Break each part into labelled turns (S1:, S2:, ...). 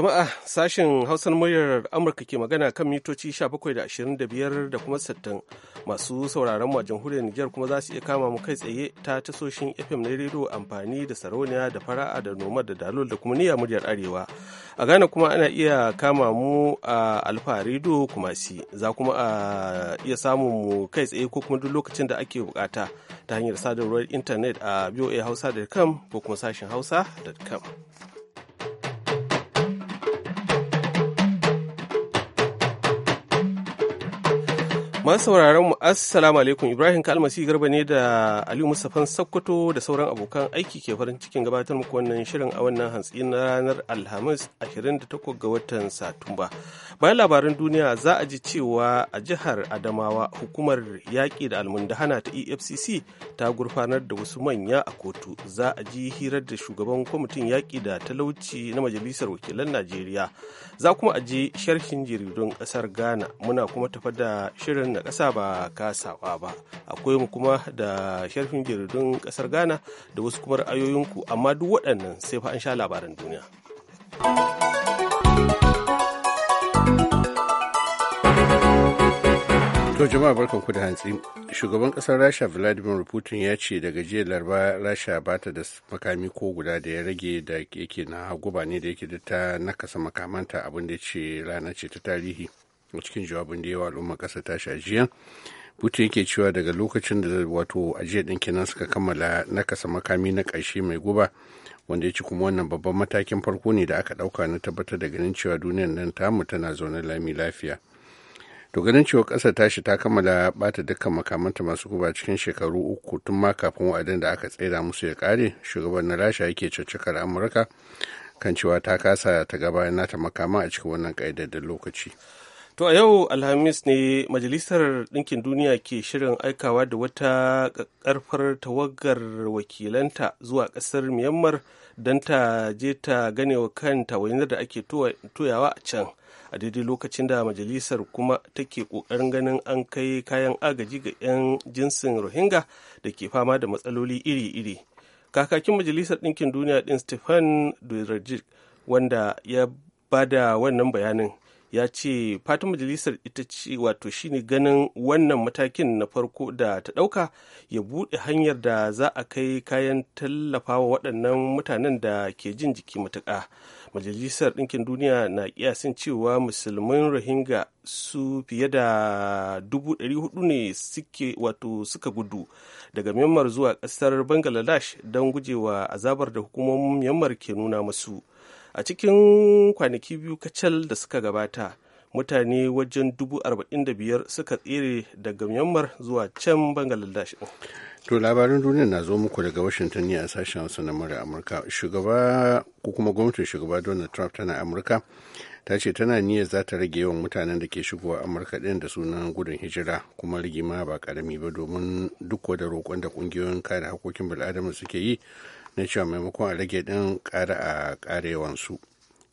S1: Jama'a sashen Hausar muryar Amurka ke magana kan mitoci 17.25 da kuma 60 masu sauraron a jamhuriyar Nijar kuma za su iya kama mu kai tsaye ta tasoshin FM na rediyo amfani da sarauniya da fara'a da noma da dalol da kuma niyya muryar Arewa. A Ghana kuma ana iya kama mu a Alfa rediyo Kumasi za kuma a iya samun mu kai tsaye ko kuma duk lokacin da ake bukata ta hanyar sadarwar intanet a voahausa.com ko kuma sashen hausa.com. Masu sauraron mu assalamu alaikum Ibrahim Kalmasi Garba ne da Aliyu Mustafan Sokoto da sauran abokan aiki ke farin cikin gabatar muku wannan shirin a wannan hantsi na ranar Alhamis 28 ga watan Satumba. Bayan labaran duniya za a ji cewa a jihar Adamawa hukumar yaƙi da almundahana ta EFCC ta gurfanar da wasu manya a kotu. Za a ji hirar da shugaban kwamitin yaƙi da talauci na Majalisar Wakilan Najeriya. Za kuma a ji sharhin jaridun ƙasar Ghana. Muna kuma tafa da shirin da ƙasa ba kasawa ba akwai mu kuma da sharfin jaridun ƙasar ghana da wasu kuma ra'ayoyinku amma duk waɗannan sai fa an sha labaran duniya
S2: To jama'a barkan ku da hantsi. Shugaban ƙasar Rasha Vladimir Putin ya ce daga jiya larba Rasha ba ta da makami ko guda da ya rage da yake na guba ne da yake da ta nakasa makamanta abin da ya ce rana ce ta tarihi. a cikin jawabin da yawa al'ummar ƙasa ta shajiya Putin yake cewa daga lokacin da wato ajiyar ɗin kenan suka kammala na kasa makami na ƙarshe mai guba wanda ya ci kuma wannan babban matakin farko ne da aka ɗauka na tabbatar da ganin cewa duniyar nan ta tamu tana zaune lami lafiya. To ganin cewa ƙasar tashi ta kammala bata dukkan makamanta masu guba cikin shekaru uku tun ma kafin wa'adin da aka tsira musu ya ƙare shugaban na rasha yake caccakar amurka kan cewa ta kasa ta gabayar nata makama a cikin wannan da lokaci.
S1: To a yau Alhamis ne Majalisar Ɗinkin Duniya ke shirin aikawa da wata ƙarfar tawagar wakilanta zuwa ƙasar Myanmar don ta je ta gane wa kan wainar da ake toyawa a can. A daidai lokacin da majalisar kuma take ƙoƙarin ganin an kai kayan agaji ga 'yan jinsin Rohingya da ke fama da matsaloli iri-iri. Kakakin Majalisar Ɗinkin Duniya ɗin stefan Dujarric wanda ya bada wannan bayanin ya ce fatan majalisar ita ce wato shine ganin wannan matakin na farko da ta ɗauka ya buɗe hanyar da za a kai kayan tallafawa waɗannan mutanen da ke jin jiki matuƙa majalisar ɗinkin duniya na kiyasin cewa musulmin rohingya su fiye da 400 ne suke wato suka gudu daga myanmar zuwa ƙasar bangladesh don gujewa azabar da hukumomin myanmar ke nuna masu a cikin kwanaki biyu kacal da suka gabata mutane wajen dubu arba'in da biyar suka tsere daga myanmar zuwa can bangaladesh
S2: to labarin duniya na zo muku daga washington ne a sashen hausa na mara amurka shugaba ko kuma gwamnatin shugaba donald trump tana amurka ta ce tana niyyar za ta rage yawan mutanen da ke shigowa amurka ɗin da sunan gudun hijira kuma rigima ba karami ba domin duk da roƙon da ƙungiyoyin kare hakokin bil'adama suke yi na cewa maimakon a rage din kara a karewansu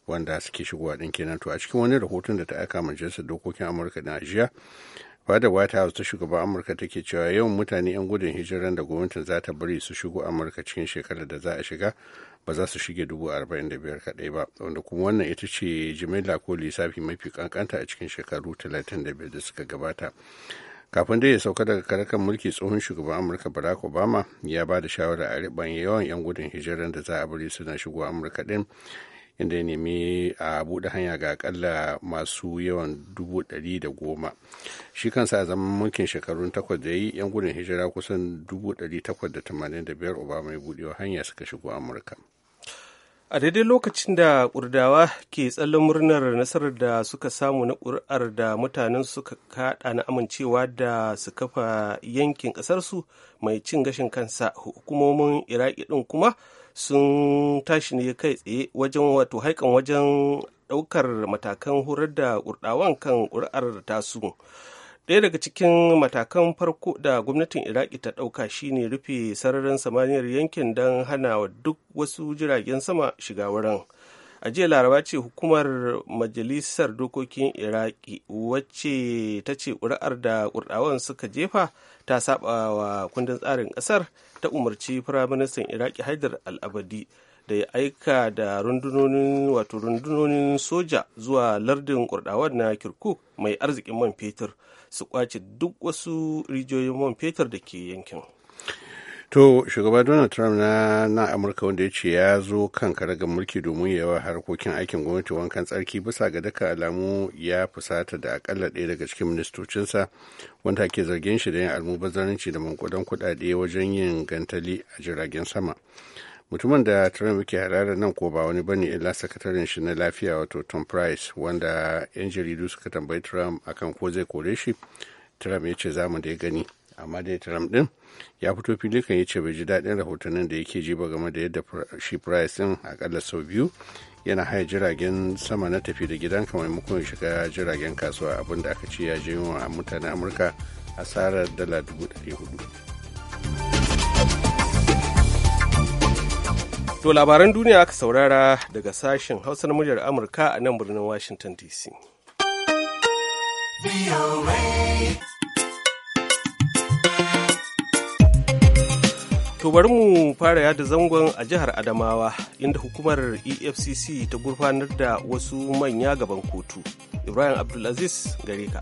S2: wanda suke shigowa din kenan to a cikin wani rahoton da ta aika majalisar dokokin amurka da ajiya fada white house ta shugaban amurka take cewa yawan mutane 'yan gudun hijiran da gwamnatin za ta bari su shigo amurka cikin shekarar da za a shiga ba za su shige dubu arba'in da biyar kaɗai ba wanda kuma wannan ita ce jimilla ko lissafi mafi kankanta a cikin shekaru talatin da biyar da suka gabata kafin da ya sauka daga karkar mulki tsohon shugaban amurka barack obama ya ba da shawara a riban yawan 'yan gudun hijiran da za a bari suna shigo amurka din inda ya nemi a buɗe hanya ga akalla masu yawan dubu ɗari da goma shi kansa a zaman mulkin shekarun takwas da yi yan gudun hijira kusan dubu ɗari takwas da tamanin da biyar obama ya buɗewa hanya suka shigo amurka
S1: a daidai lokacin da kurdawa ke tsallon murnar nasarar da suka samu na ƙuri'ar da mutanen suka kaɗa na amincewa da su kafa yankin ƙasarsu mai cin gashin kansa hukumomin iraki ɗin kuma sun tashi ne kai tsaye wajen wato haikan wajen ɗaukar matakan horar da kurdawan kan ƙuri'ar tasu daya daga cikin matakan farko da gwamnatin iraki ta ɗauka shine rufe sararin samaniyar yankin don hana wa duk wasu jiragen sama shiga wurin a jiya laraba ce hukumar majalisar dokokin iraki wacce ta ce ƙuri'ar da ƙurɗawan suka jefa ta saba wa kundin tsarin ƙasar ta umarci firaministan iraki haidar al'abadi da ya aika da rundunonin wato rundunonin soja zuwa lardin kurdawan na kirkuk mai arzikin man fetur su kwace duk wasu rijiyoyin man fetur da ke yankin
S2: to shugaba donald trump na na amurka wanda ya ce ya zo kan karagar mulki domin yawa harkokin aikin gwamnati wankan tsarki bisa ga daka alamu ya fusata da akalla ɗaya daga cikin ministocinsa wanda ke zargin shi da yin almubazzaranci da mankudan kuɗaɗe wajen yin gantali a jiragen sama mutumin da trump ke harare nan ko ba wani bane illa sakataren shi na lafiya wato tom price wanda yan jaridu suka tambayi trump akan ko zai kore shi trump ya ce zamu da ya gani amma dai trump din ya fito fili kan ya ce bai ji daɗin rahotannin da yake ji ba game da yadda shi price din akalla sau biyu yana haya jiragen sama na tafi da gidan kamar maimakon shiga jiragen kasuwa abin da aka ce ya je wa mutanen amurka asarar dala dubu ɗari hudu. To labaran duniya aka
S1: saurara daga sashen Hausa na muryar Amurka a nan birnin Washington DC. To bari mu fara yada zangon a jihar Adamawa inda hukumar EFCC ta gurfanar da wasu manya gaban kotu. Ibrahim Abdulaziz Gareka.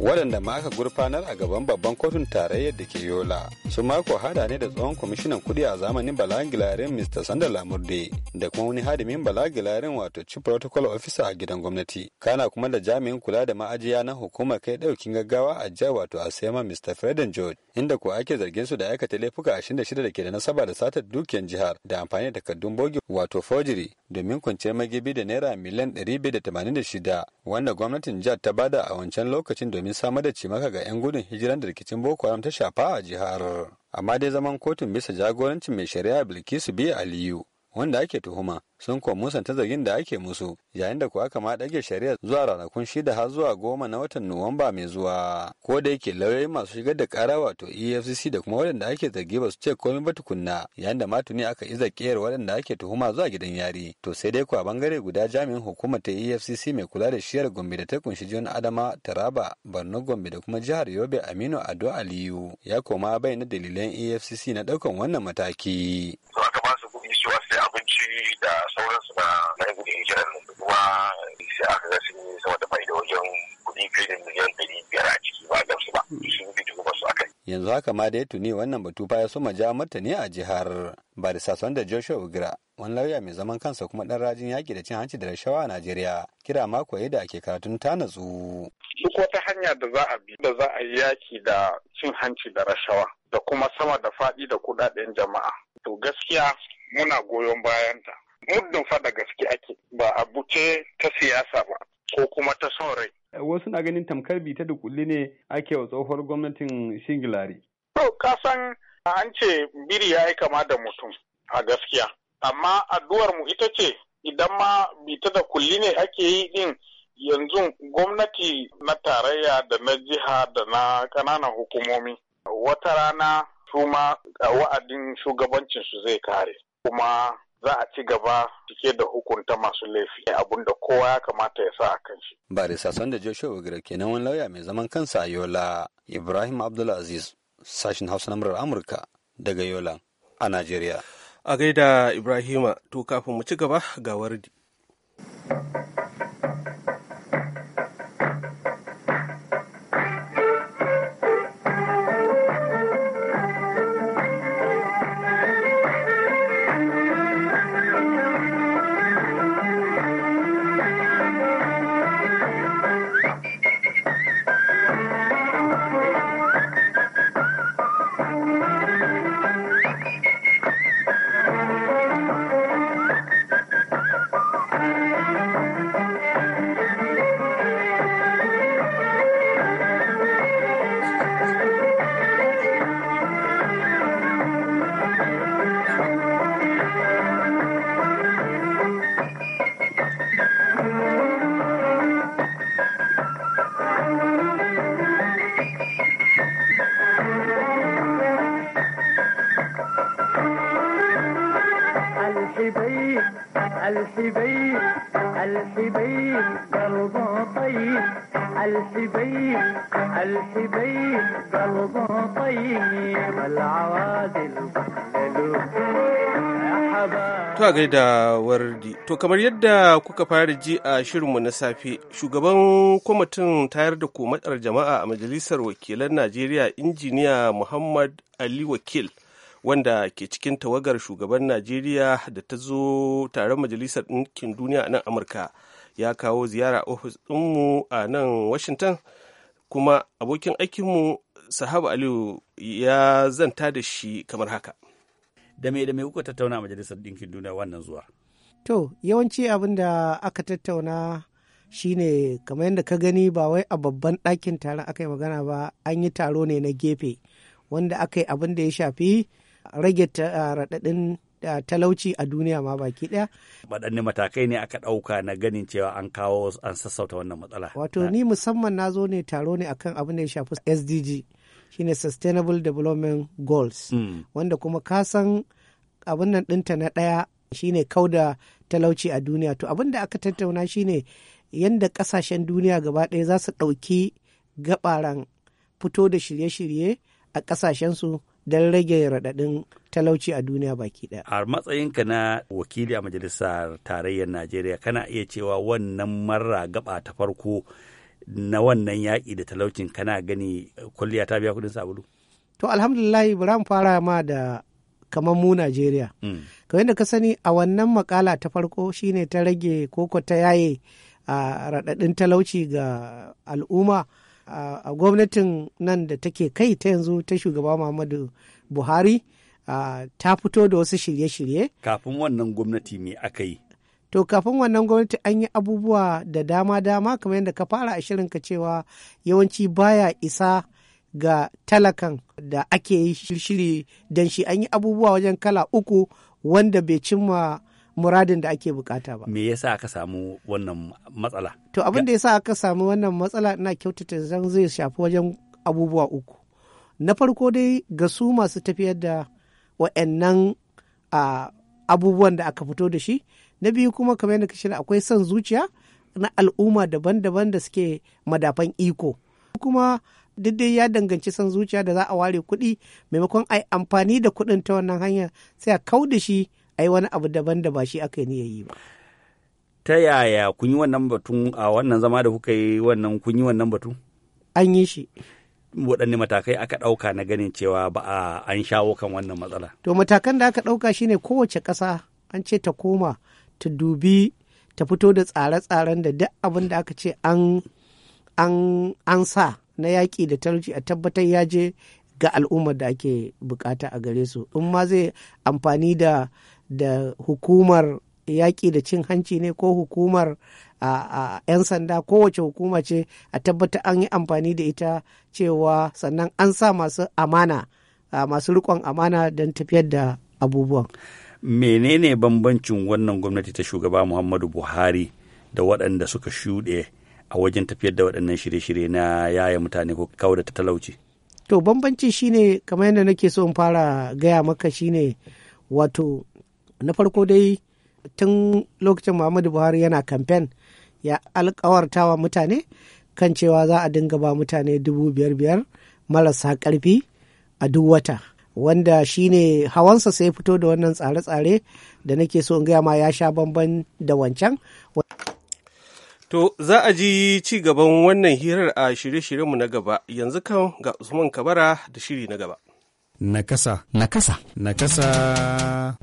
S1: waɗanda ma aka gurfanar a gaban babban kotun tarayyar da ke yola
S3: su mako hada ne da tsohon kwamishinan kuɗi a zamanin balagilarin mr sanda lamurde da kuma wani hadimin balagilarin wato chief protocol officer a gidan gwamnati kana kuma da jami'in kula da ma'ajiya na hukumar kai ɗaukin gaggawa a jiya wato a sema mr freden george inda ko ake zargin su da aikata laifuka ashirin da ke da nasaba da satar dukiyar jihar da amfani da takardun bogi wato forgery domin kwanciyar magibi da naira miliyan shida wanda gwamnatin jihar ta bada a wancan lokacin domin domin samar da cimaka ga 'yan gudun hijiran da rikicin Boko Haram ta shafa a jihar. Amma dai zaman kotun bisa jagorancin mai shari'a Bilkisu Biyu Aliyu wanda ake tuhuma sun kuwa musanta zargin da ake musu yayin da kuwa aka ɗage shari'a zuwa ranakun shida har zuwa goma na watan nuwamba mai zuwa ko da yake lauyoyi masu shigar da ƙara wato efcc da kuma waɗanda ake zargi ba su ce komai ba tukunna yayin da ma tuni aka iza ƙiyar waɗanda ake tuhuma zuwa gidan yari to sai dai kuwa bangare guda jami'in hukumar ta efcc mai kula da shiyar gombe da ta kunshi jihar adama taraba borno gombe da kuma jihar yobe aminu ado aliyu ya koma bayyana dalilan efcc na ɗaukan wannan mataki. da sauransu na na gudun hijirar nan kuma sai aka ga sun yi sama da da wajen kuɗi fiye da miliyan ɗari biyar a ciki ba a su ba hmm. sun fi tuku su aka yanzu haka ma da ya tuni wannan batu fa ya soma ja martani a jihar barisa da joshua ugra wani lauya mai zaman kansa kuma ɗan rajin yaƙi da cin hanci da rashawa a najeriya kira mako da ake karatun ta natsu.
S4: duk wata hanya da za a bi da za a yi yaƙi da cin hanci da rashawa da kuma sama da faɗi da kuɗaɗen jama'a to gaskiya muna goyon bayanta muddin fa da gaske ake ba abu ce ta siyasa ba ko kuma ta son rai
S3: wasu na ganin tamkar bita da kulli ne ake wa tsohuwar gwamnatin shingilari
S4: to ka san an ce biri ya yi kama da mutum a gaskiya amma addu'ar mu ita ce idan ma bita da kulli ne ake yi din yanzu gwamnati na tarayya da na jiha da na ƙananan hukumomi wata rana su ma wa'adin shugabancin su zai kare kuma za a ci gaba cike da hukunta masu laifi abin da kowa ya kamata ya sa a kan shi.
S3: Barisa da Joshua Wagira kenan wani lauya mai zaman kansa a Yola Ibrahim Abdulaziz sashin Hausa na Amurka daga Yola a Najeriya.
S1: A gaida Ibrahima to kafin mu ci gaba ga wardi. To a gaida wardi. To kamar yadda kuka fara ji a shirinmu na safe, shugaban kwamitin tayar da komatsar jama'a a Majalisar Wakilan Najeriya injiniya Muhammad Ali Wakil wanda ke cikin tawagar shugaban Najeriya da ta zo taron Majalisar Ɗinkin Duniya a nan Amurka ya kawo ziyara ofis ɗinmu a nan Washington kuma abokin aikinmu Sahaba Aliyu ya zanta
S5: da shi kamar haka. da me da me kuka tattauna a majalisar ɗinkin duniya wannan zuwa
S6: to yawanci abin da aka tattauna shine kamar yadda ka gani ba wai a babban ɗakin taron aka yi magana ba an yi taro ne na gefe wanda aka yi abin da ya shafi rage raɗaɗin talauci a duniya ma baki ɗaya.
S5: waɗanne matakai ne aka ɗauka na ganin cewa an kawo an sassauta wannan matsala. wato
S6: ni musamman na zo ne taro ne akan abin da ya shafi sdg shine sustainable development goals mm. wanda kuma ka san abin nan dinta na ɗaya shine kauda talauci a duniya to abin da aka tattauna shine yadda ƙasashen duniya gaba ɗaya za su ɗauki gabaran fito da shirye-shirye a ƙasashensu don rage raɗaɗin talauci a duniya baki ɗaya.
S5: A matsayinka na wakili a majalisar tarayyar Najeriya kana iya cewa wannan marra gaba ta farko na wannan yaƙi da talaucin kana gani kulliya ta biya kudin sabulu?
S6: To alhamdulillah mu fara ma da kamar mu Najeriya. Mm. Ka yadda ka sani a wannan makala ta farko shine ta rage koko ta yaye a raɗaɗin talauci ga al'umma a gwamnatin nan da take kai ta yanzu ta shugaba Muhammadu Buhari ta fito da wasu shirye-shirye.
S5: Kafin wannan gwamnati mai aka yi?
S6: to kafin wannan gwamnati an yi abubuwa da dama-dama kamar yadda ka fara a shirinka cewa yawanci baya isa ga talakan da ake yi don shi an yi abubuwa wajen kala uku wanda bai cimma muradin da ake bukata ba.
S5: Me yasa aka samu wannan matsala?
S6: To abin da yasa aka samu wannan matsala ina kyautata zan zai shafi wajen abubuwa uku. Na farko dai ga su masu tafiyar da wa'annan ah, abubuwan da aka fito da shi na biyu kuma kamar yadda kashe akwai son zuciya na al'umma daban-daban da suke madafan iko kuma daidai ya danganci son zuciya da za a ware kuɗi maimakon ai amfani da kuɗin ta wannan hanyar sai a kau da shi a yi wani abu daban da ba shi aka yi ba.
S5: ta yaya kun yi wannan batun a wannan zama da kuka yi wannan kun yi wannan batun? An yi shi. Waɗanne matakai aka ɗauka na ganin cewa ba a an shawo kan wannan matsala?
S6: To matakan da aka ɗauka shine kowace ƙasa an ce ta koma ta dubi ta fito da tsare-tsaren da duk abin da aka ce an sa na yaƙi da talauci a tabbatar ya je ga al'ummar da ake bukata a gare su in ma zai amfani da hukumar yaƙi da cin hanci ne ko hukumar a 'yan sanda kowace hukuma ce a tabbata an yi amfani da ita cewa sannan an sa masu amana masu riƙon amana don tafiyar da abubuwan.
S5: menene bambancin wannan gwamnati ta shugaba muhammadu buhari da waɗanda suka shuɗe a wajen tafiyar da waɗannan shirye-shirye na yaya mutane ko kawo da talauci
S6: to bambanci shine kamar yadda nake so in fara gaya maka shine wato na farko dai tun lokacin muhammadu buhari yana kamfen ya alkawartawa mutane kan cewa za a dinga ba mutane dubu biyar biyar marasa ƙarfi a duk wata wanda shi ne hawansa sai fito da wannan tsare-tsare da nake so in gaya ma ya sha bamban da wancan
S1: To za a ji ci gaban wannan hirar a shirye-shiryenmu na gaba yanzu kan ga Usman Kabara da shiri na gaba.
S4: Nakasa. Nakasa. Nakasa.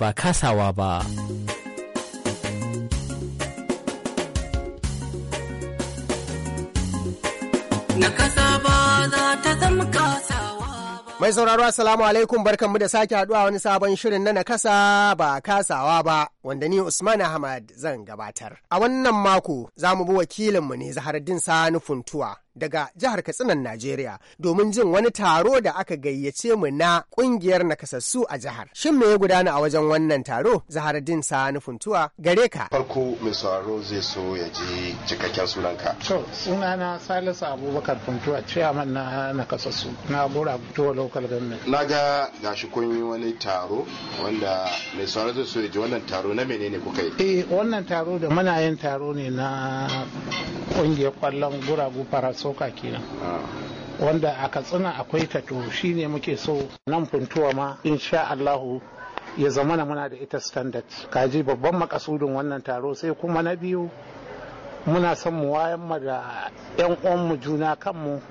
S4: Ba kasawa ba.
S7: Nakasa ba za ta zama kasa. Mai sauraro Assalamu alaikum barkanmu da sake haduwa wani sabon shirin na nakasa ba kasawa ba wanda ni Usman Ahmad zan gabatar. A wannan mako za mu bi wakilinmu ne Zaharaddin Sani Funtuwa daga jihar Katsinan Najeriya domin jin wani taro da aka gayyace mu na kungiyar nakasassu a jihar. Shin me ya gudana a wajen wannan taro? Zaharuddin Sani Funtuwa gare
S4: ka. Farko mai sauraro zai so ya ji cikakken sunanka.
S7: To sunana Salisu
S8: Abubakar Funtuwa ciyaman na nakasassu na Bora fitowa Local Government.
S4: Na ga gashi kun yi wani taro wanda mai sauraro zai so ya ji wannan taro na menene kuka yi? Eh
S8: wannan taro da muna yin taro ne na kungiyar kwallon guragu farasu Sauka kenan ah. wanda a katsina akwai tato to shine muke so nan funtuwa ma insha Allahu ya zama na muna da ita standard kaji babban makasudin wannan taro sai kuma na biyu muna son mu wayan mu da yan uwan mu juna kanmu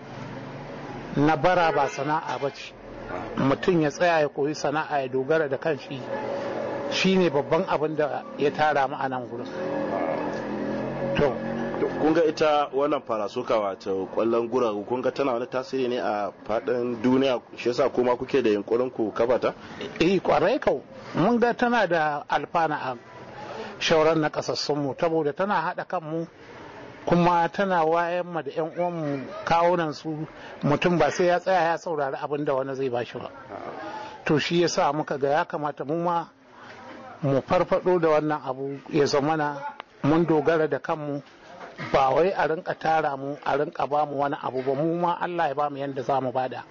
S8: na bara ba sana'a ba ce mutum ya tsaya ya koyi sana'a ya dogara da kanshi shine babban abin da ya tara mu a nan gurin
S4: kun ga ita wannan farasuka wato kwallon guragu kunga tana wani tasiri ne a fadin duniya shi yasa kuma kuke da yunkurin ku kafa ta eh kwarai kau mun ga tana da alfana a shauran
S8: na kasassun mu saboda tana hada kan mu kuma tana wayan mu da yan uwanmu kawunan su mutum ba sai ya tsaya ya saurari abin da wani zai bashi ba to shi yasa muka ga ya kamata mu ma mu farfado da wannan abu ya zamana mun dogara da kanmu ba wai a rinka tara mu a rinka ba mu wani abu ba mu ma Allah ya ba mu yanda za mu bada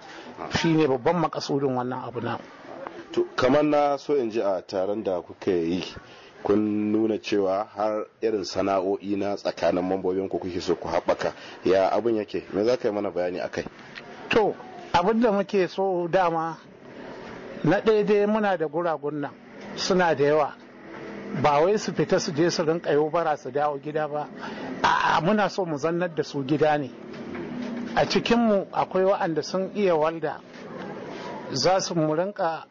S8: ne babban makasudin wannan abu na
S4: kamar na so in ji a taron da kuka yi kun nuna cewa har irin sana'o'i na tsakanin mambobin ku kuke so ku haɓaka ya abin yake me za ka yi mana bayani akai
S8: to abin da muke so dama na daidai muna da guragun nan suna da yawa ba wai su fita su je su rinka yau bara su dawo gida ba a muna so mu zannar da su gida ne a cikinmu akwai wa'anda sun iya walda za su mu rinka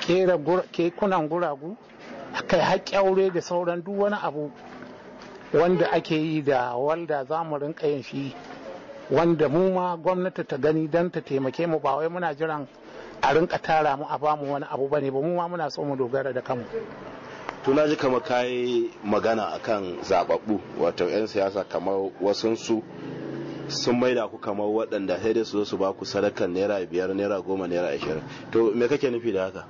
S8: kera kekunan guragu kai aure da sauran duk wani abu wanda ake yi da walda za mu rinka yin shi wanda mu ma gwamnati ta gani don ta taimake mu ba wai muna jiran a rinka tara mu a bamu wani abu bane ba mu ma muna so mu dogara da kanmu
S4: Tunaji ji kama kayi magana akan zababbu wato 'yan siyasa kamar wasunsu sun maida ku kamar waɗanda sai dai su zo su ba ku sadakan naira biyar naira goma naira ashirin to me kake nufi da haka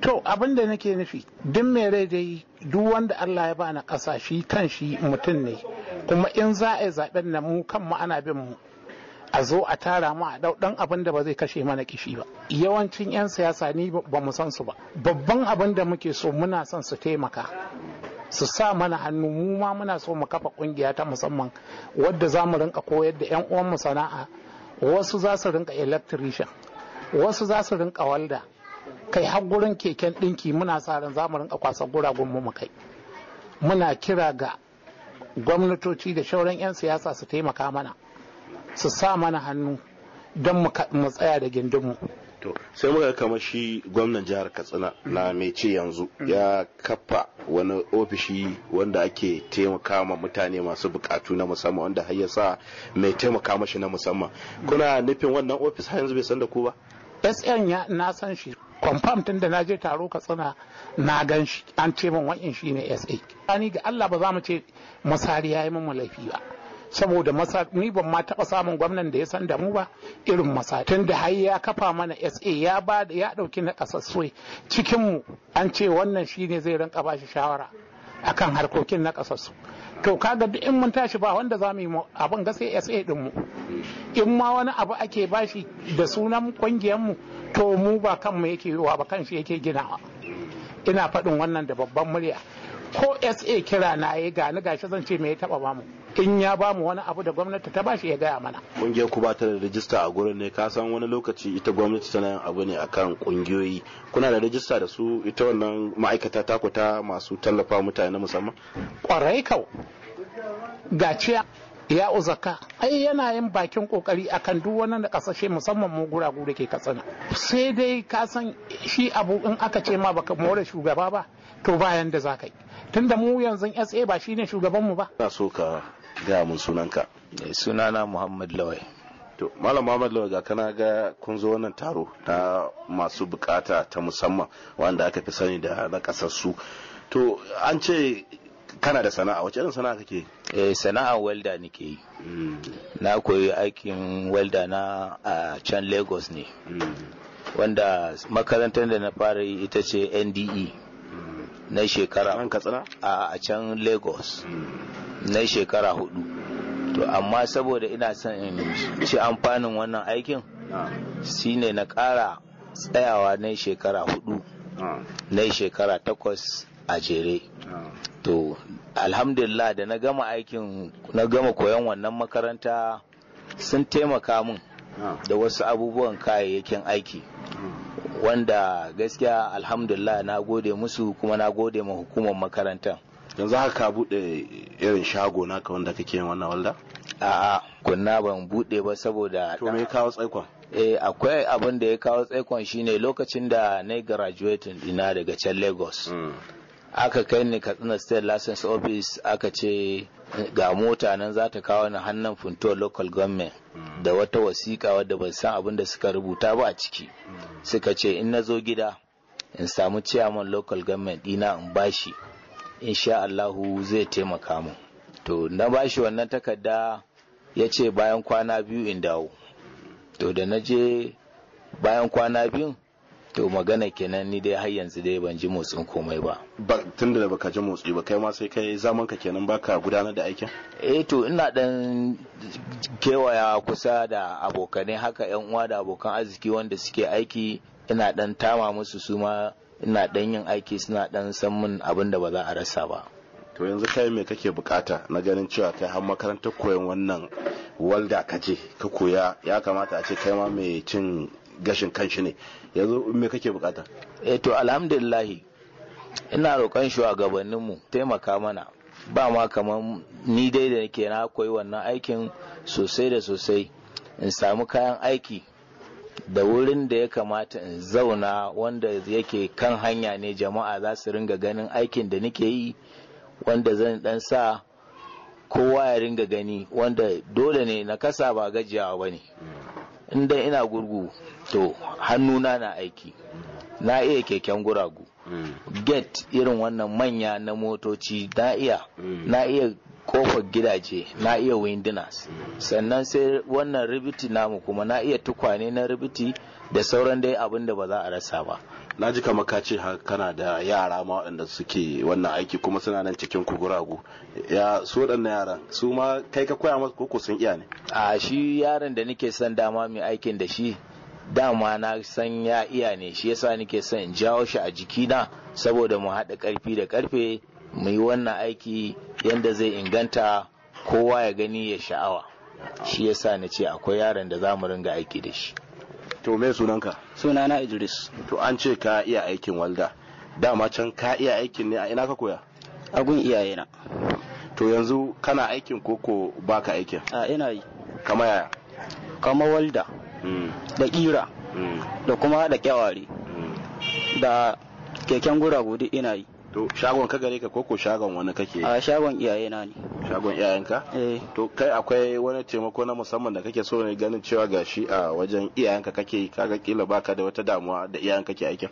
S8: to abin da nake nufi duk mai rai dai duk wanda Allah ya bani ƙasa shi kan shi mutum ne kuma in za a yi zaɓen nan mu kan mu ana bin mu a zo a tara mu a dau dan abin da ba zai kashe mana kishi ba yawancin 'yan siyasa ni ba mu san su ba babban abin da muke so muna son su taimaka su sa mana hannu mu ma muna so mu kafa kungiya ta musamman wadda za mu rinka koyar da 'yan uwan mu sana'a wasu za su rinka electrician wasu za su rinka walda kai har gurin keken ɗinki muna sa ran za mu rinka kwasa guragun mu kai muna kira ga gwamnatoci da shauran 'yan siyasa su taimaka mana su sa mana hannu don mu tsaya da gindinmu
S4: to sai muka kama shi gwamnan jihar katsina na mece yanzu ya kafa wani ofishi wanda ake taimaka ma mutane masu bukatu na musamman wanda har ya sa mai taimaka mashi na musamman kuna nufin wannan ofis har yanzu bai san da ku ba
S8: sn ya na san shi kwamfam tun da na je taro katsina na gan shi an ce min wa'in shi ne sa ni ga allah ba za mu ce musari ya yi min laifi ba saboda masa ni ban ma taba samun gwamnan da ya san da mu ba irin masa tun da har ya kafa mana SA ya ba da ya ɗauki na kasassu cikin mu an ce wannan shine zai rinka bashi shawara akan harkokin na kasassu to kaga duk in mun tashi ba wanda za mu yi abin ga sai SA din mu in ma wani abu ake bashi da sunan kungiyar mu to mu ba kanmu yake yiwa ba kan shi yake ginawa ina faɗin wannan da babban murya ko sa kira na ya gani gashi zan ce me ya taba bamu in ya ba mu wani abu da gwamnati ta bashi ya gaya mana
S4: kungiyar ku ba ta da rajista a gurin ne ka san wani lokaci ita gwamnati tana yin abu ne akan kungiyoyi kuna da rajista da su ita wannan ma'aikata ta ku ta masu tallafa mutane na musamman kwarai kau gaciya ya uzaka ai yana
S8: yin bakin kokari akan duk wani da kasashe musamman mu guragu da ke katsina sai dai ka san shi abu in aka ce ma baka more shugaba ba to bayan da ka yi tunda mu yanzu SA ba shine shugaban mu ba
S4: na so gaya mun sunanka eh, sunana muhammad lawai to malam muhammad lawai ga kana ga kun zo wannan taro na masu bukata ta musamman wanda aka fi sani da na kasassu to an ce kana da sana'a wace irin sana'a kake eh sana'a welda nake yi hmm. na koyi aikin welda na a can lagos ne hmm. wanda makarantar da na fara yi ita ce nde hmm. na shekara a can lagos na shekara hudu to amma saboda ina son in ci amfanin wannan aikin shine na kara tsayawa na shekara hudu na shekara takwas a jere to alhamdulillah da na gama aikin na gama koyon wannan makaranta sun taimaka min da wasu abubuwan kayayyakin aiki wanda gaskiya alhamdulillah na gode musu kuma na gode ma hukumar makarantar yanzu haka ka bude irin shago naka wanda kake yin wannan walda a'a kunna ban bude ba saboda to me kawo tsaikon eh akwai abin da ya kawo tsaikon shine lokacin da na graduating dina daga can Lagos hmm. aka kai ni katsina state license office aka ce ga mota nan za ta kawo ni hannun funto local government hmm. da wata wasiƙa wadda ban san abin da suka rubuta ba a ciki hmm. suka ce in na zo gida in samu chairman local government dina in bashi insha Allahu zai taimaka mu to na bashi wannan takarda ya ce bayan kwana biyu in dawo to da na je bayan kwana biyu to magana kenan ni dai har yanzu dai ban ji motsin komai ba ba tun da baka ji motsi ba kai ma sai kai zaman ka kenan baka gudanar da aikin eh to ina dan kewaya kusa da abokanai haka yan uwa da abokan arziki wanda suke aiki ina dan tama musu su ma ina dan yin aiki suna dan san mun abin da ba za a rasa ba to yanzu kai me kake bukata na ganin cewa kai har makarantar koyon wannan walda ka je ka koya ya kamata a ce kai ma mai cin gashin kanshi ne yanzu me kake bukata eh to alhamdulillah ina roƙon mu taimaka mana ba ma kamar ni dai da nake na koyi wannan aikin sosai da sosai in samu kayan aiki da wurin da ya kamata in zauna wanda yake kan hanya ne jama'a za su ringa ganin aikin da nake yi wanda zan dan sa kowa ya ringa gani wanda dole ne na kasa ba gajiyawa ba ne inda ina gurgu to hannuna na aiki na iya keken guragu mm. get irin wannan manya na motoci na iya mm. na iya kofar gidaje na iya windunas sannan sai wannan ribiti namu kuma na iya tukwane na ribiti da sauran dai abin da ba za a rasa ba na ji kama ka ce kana da yara ma waɗanda suke wannan aiki kuma suna nan cikin kuguragu ya su waɗannan yaran su ma kai ka koya masu koko sun iya ne a shi yaron da nake son dama mai aikin da shi dama na san ya iya ne shi yasa nake son in jawo shi a jikina saboda mu haɗa ƙarfi da ƙarfe mu yi wannan aiki yadda zai inganta kowa ya gani ya sha'awa shi yasa na ce akwai yaron da za mu ringa aiki da shi to me sunanka sunana idris to an ce ka iya aikin walda dama can ka iya aikin ne a ina ka koya a gun iyayena to yanzu kana aikin koko baka aikin a ina yi kama yaya kama walda hmm. da kira hmm. da kuma da kyaware hmm. da keken guragu duk ina yi To shagon ka gare ka ko ko shagon wani kake? A shagon iyaye na ne. Shagon iyayenka? Eh. To kai akwai wani taimako na musamman da kake so ne ganin cewa gashi a wajen iyayenka kake kaga kila baka da wata damuwa da iyayen ke aikin?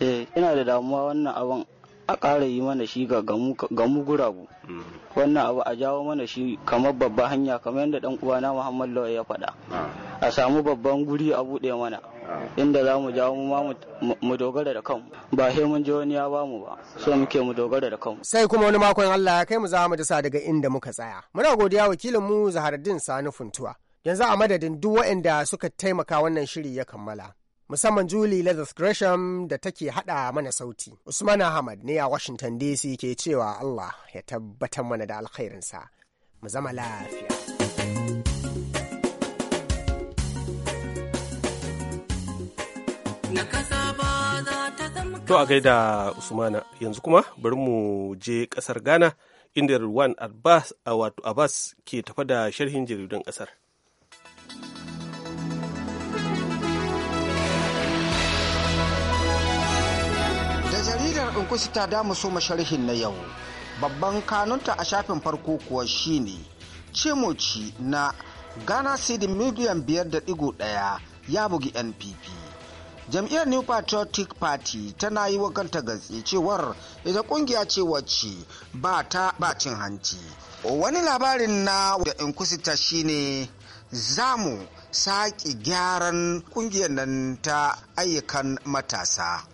S4: Eh, ina da damuwa wannan abun a ƙara yi mana shi ga gamu gurabu mm. Wannan abu a jawo mana shi kamar babba hanya kamar yadda dan uwana Muhammad Lawal ya faɗa. Ah. A samu babban guri a buɗe mana. inda za mu jawo mu mu dogara da kan. ba he mun ji wani ya ba mu ba so muke mu dogara da kan.
S7: sai kuma wani makon Allah ya kai mu za mu dasa daga inda muka tsaya muna godiya wakilin mu Zaharuddin Sani Funtuwa yanzu a madadin duk waɗanda suka taimaka wannan shiri ya kammala musamman Julie Lazarus Gresham da take hada mana sauti. Usman Ahmad ne a Washington DC ke cewa Allah ya tabbatar mana da alkhairinsa. Mu zama lafiya.
S1: To a gaida Usmana yanzu kuma bari mu je kasar Ghana inda Ruwan Abbas a wato Abbas ke tafa da sharhin jaridun kasar.
S7: Da jaridar Unkusi ta damu so sharhin na yau. Babban kanunta a shafin farko kuwa shine Cimoci na Ghana City miliyan biyar da ɗigo ɗaya ya bugi NPP. jam'iyyar new patriotic party tana yi wa kanta gatse cewar ita kungiya ce wacce ba ta bacin hanci wani labarin na da inquisitor shine zamu sake gyaran kungiyar nan ta ayyukan matasa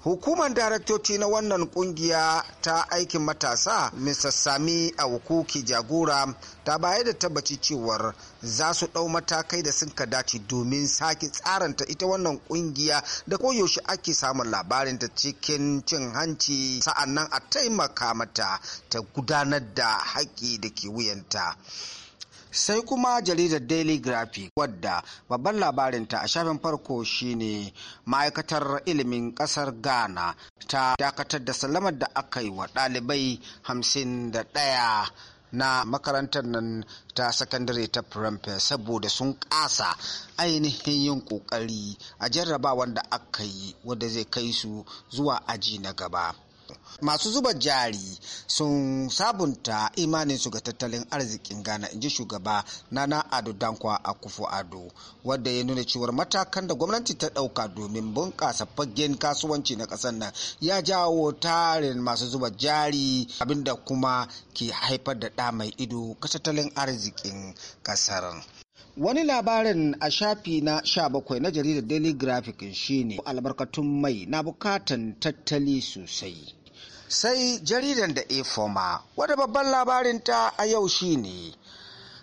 S7: Hukumar daraktoci na wannan kungiya ta aikin matasa, Mr. Sami hukuki Jagora, ta bayar da tabbaci cewar za su ɗau matakai da sun ka dace domin sake tsaranta ita wannan kungiya da koyaushe ake samun labarin ta cikin cin hanci sa'annan a taimaka mata ta gudanar da haƙƙi da ke wuyanta. sai kuma jaridar daily graphic wadda babban labarinta a shafin farko shine ma'aikatar ilimin kasar ghana ta dakatar da sallamar da aka yi wa ɗalibai 51 na makarantar nan ta sakandare ta firamfe saboda sun kasa ainihin yin ƙoƙari a jarrabawar da aka yi wadda zai kai su zuwa aji na gaba masu zuba jari sun sabunta imaninsu ga tattalin arzikin ghana inji shugaba nana ado dankwa a kufu ado wadda ya nuna cewar matakan da gwamnati ta ɗauka domin bunƙasa fagen kasuwanci na ƙasar nan ya jawo tarin masu zuba jari abinda kuma ke haifar da ɗa mai ido ga tattalin arzikin ƙasar Wani labarin a shafi na 17 na jaridar Daily Graphic shine albarkatun mai na bukatan tattali sosai. sai jaridan da efoma wadda babban labarin ta a yau shine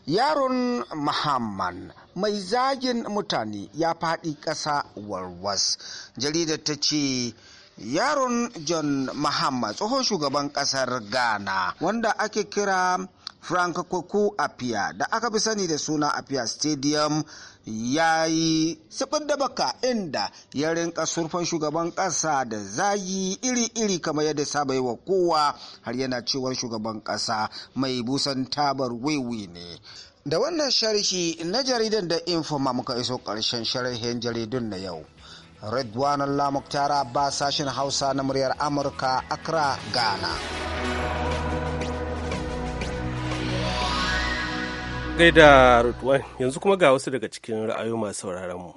S7: yaron muhammad mai zagin mutane ya faɗi ƙasa warwas jaridar ta ce yaron john muhammad tsohon shugaban ƙasar ghana wanda ake kira frank kwaku apia da aka fi sani da suna apia stadium ya yi sabon da baka inda ya rinka surfan shugaban ƙasa da zagi iri-iri kamar yadda saba yi wa kowa har yana cewa shugaban ƙasa mai busan tabar wiwi ne da wannan sharhi na jaridan da infoma muka iso ƙarshen sharhin jaridun na yau redwan lamuktara ba sashen hausa na muryar amurka accra ghana
S1: gaida rutuwan yanzu kuma ga wasu daga cikin ra'ayoyi masu sauraron mu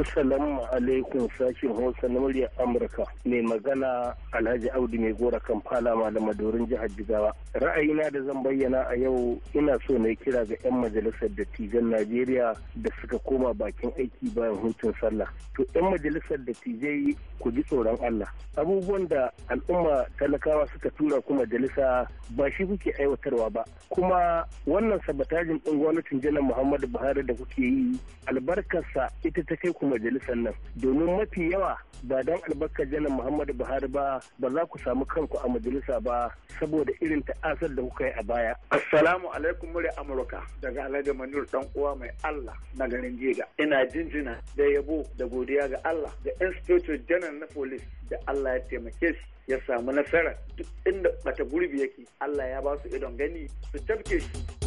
S4: Assalamu alaikum sashen Hausa na muryar Amurka mai magana Alhaji Audu mai gora Kampala malamadorin jihar Jigawa. Ra'ayina da zan bayyana a yau ina so na yi kira ga 'yan majalisar dattijan Najeriya da suka koma bakin aiki bayan hutun sallah. To 'yan majalisar dattijai ku ji tsoron Allah. Abubuwan da al'umma talakawa suka tura ku majalisa ba shi kuke aiwatarwa ba. Kuma wannan sabatajin ɗin gwamnatin janar Muhammadu Buhari da kuke yi albarkarsa ita ta kai ku muku majalisar nan domin mafi yawa ba don albarkar janar muhammadu buhari ba ba za ku samu kanku a majalisa ba saboda irin ta'asar da kuka yi a baya assalamu alaikum murya amurka daga alhaji manur dan uwa mai allah na garin jega ina jinjina da yabo da godiya ga allah da inspector janar na police da allah ya taimake shi ya samu nasara
S5: duk inda bata gurbi yake allah ya ba su idon gani su tafke shi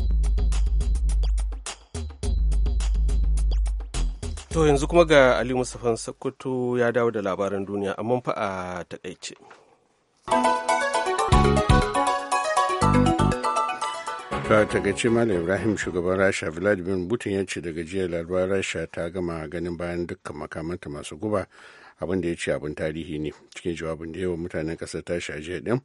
S1: To yanzu kuma ga Ali musafan Sokoto ya dawo da labaran duniya amma fa a takaice.
S2: ta takaice malam ibrahim shugaban rasha vladimir putin ya ce daga jiya laraba rasha ta gama ganin bayan dukkan makamanta masu guba abin da ya ce abin tarihi ne cikin jawabin da yawa mutanen kasar tashi a jiya din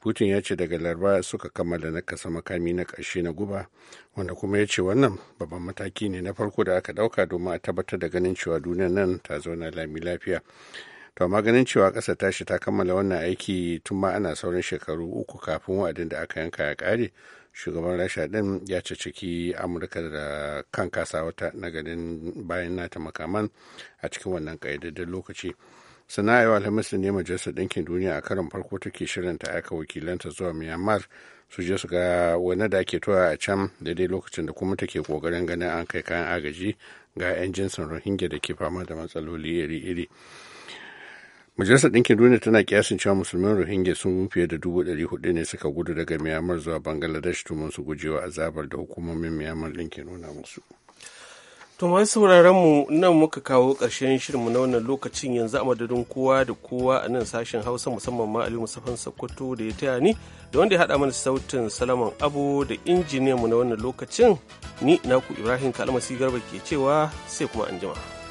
S2: putin ya ce daga laraba suka kammala na kasa makami na ƙarshe na guba wanda kuma ya ce wannan babban mataki ne na farko da aka ɗauka domin a tabbatar da ganin cewa duniya nan ta zauna lami lafiya to amma ganin cewa ƙasa tashi ta kammala wannan aiki tun ma ana sauran shekaru uku kafin wa'adin da aka yanka ya ƙare shugaban rasha din ya ciki amurka da kan kasa wata na ganin bayan nata makaman a cikin wannan ƙayyadaddar lokaci sana'a yau alhamis ne majalisar ɗinkin duniya a karon farko take shirin ta aika wakilanta zuwa myanmar su je su ga wani da ake toya a can daidai lokacin da kuma take kokarin ganin an kai kayan agaji ga 'yan jinsin rohingya da ke fama da matsaloli iri-iri Majalisar Ɗinkin Duniya tana kiyasin cewa musulman Rohingya sun fiye da dubu ɗari hudu ne suka gudu daga Myanmar zuwa Bangladesh domin su gujewa azabar da hukumomin Myanmar ɗin ke nuna musu.
S1: To masu sauraron mu nan muka kawo ƙarshen shirinmu na wannan lokacin yanzu a madadin kowa da kowa a nan sashen Hausa musamman ma Ali Musafan Sokoto da ya taya ni da wanda ya haɗa mana sautin Salaman Abu da injiniyanmu na wannan lokacin ni naku Ibrahim Kalmasi Garba ke cewa sai kuma anjima.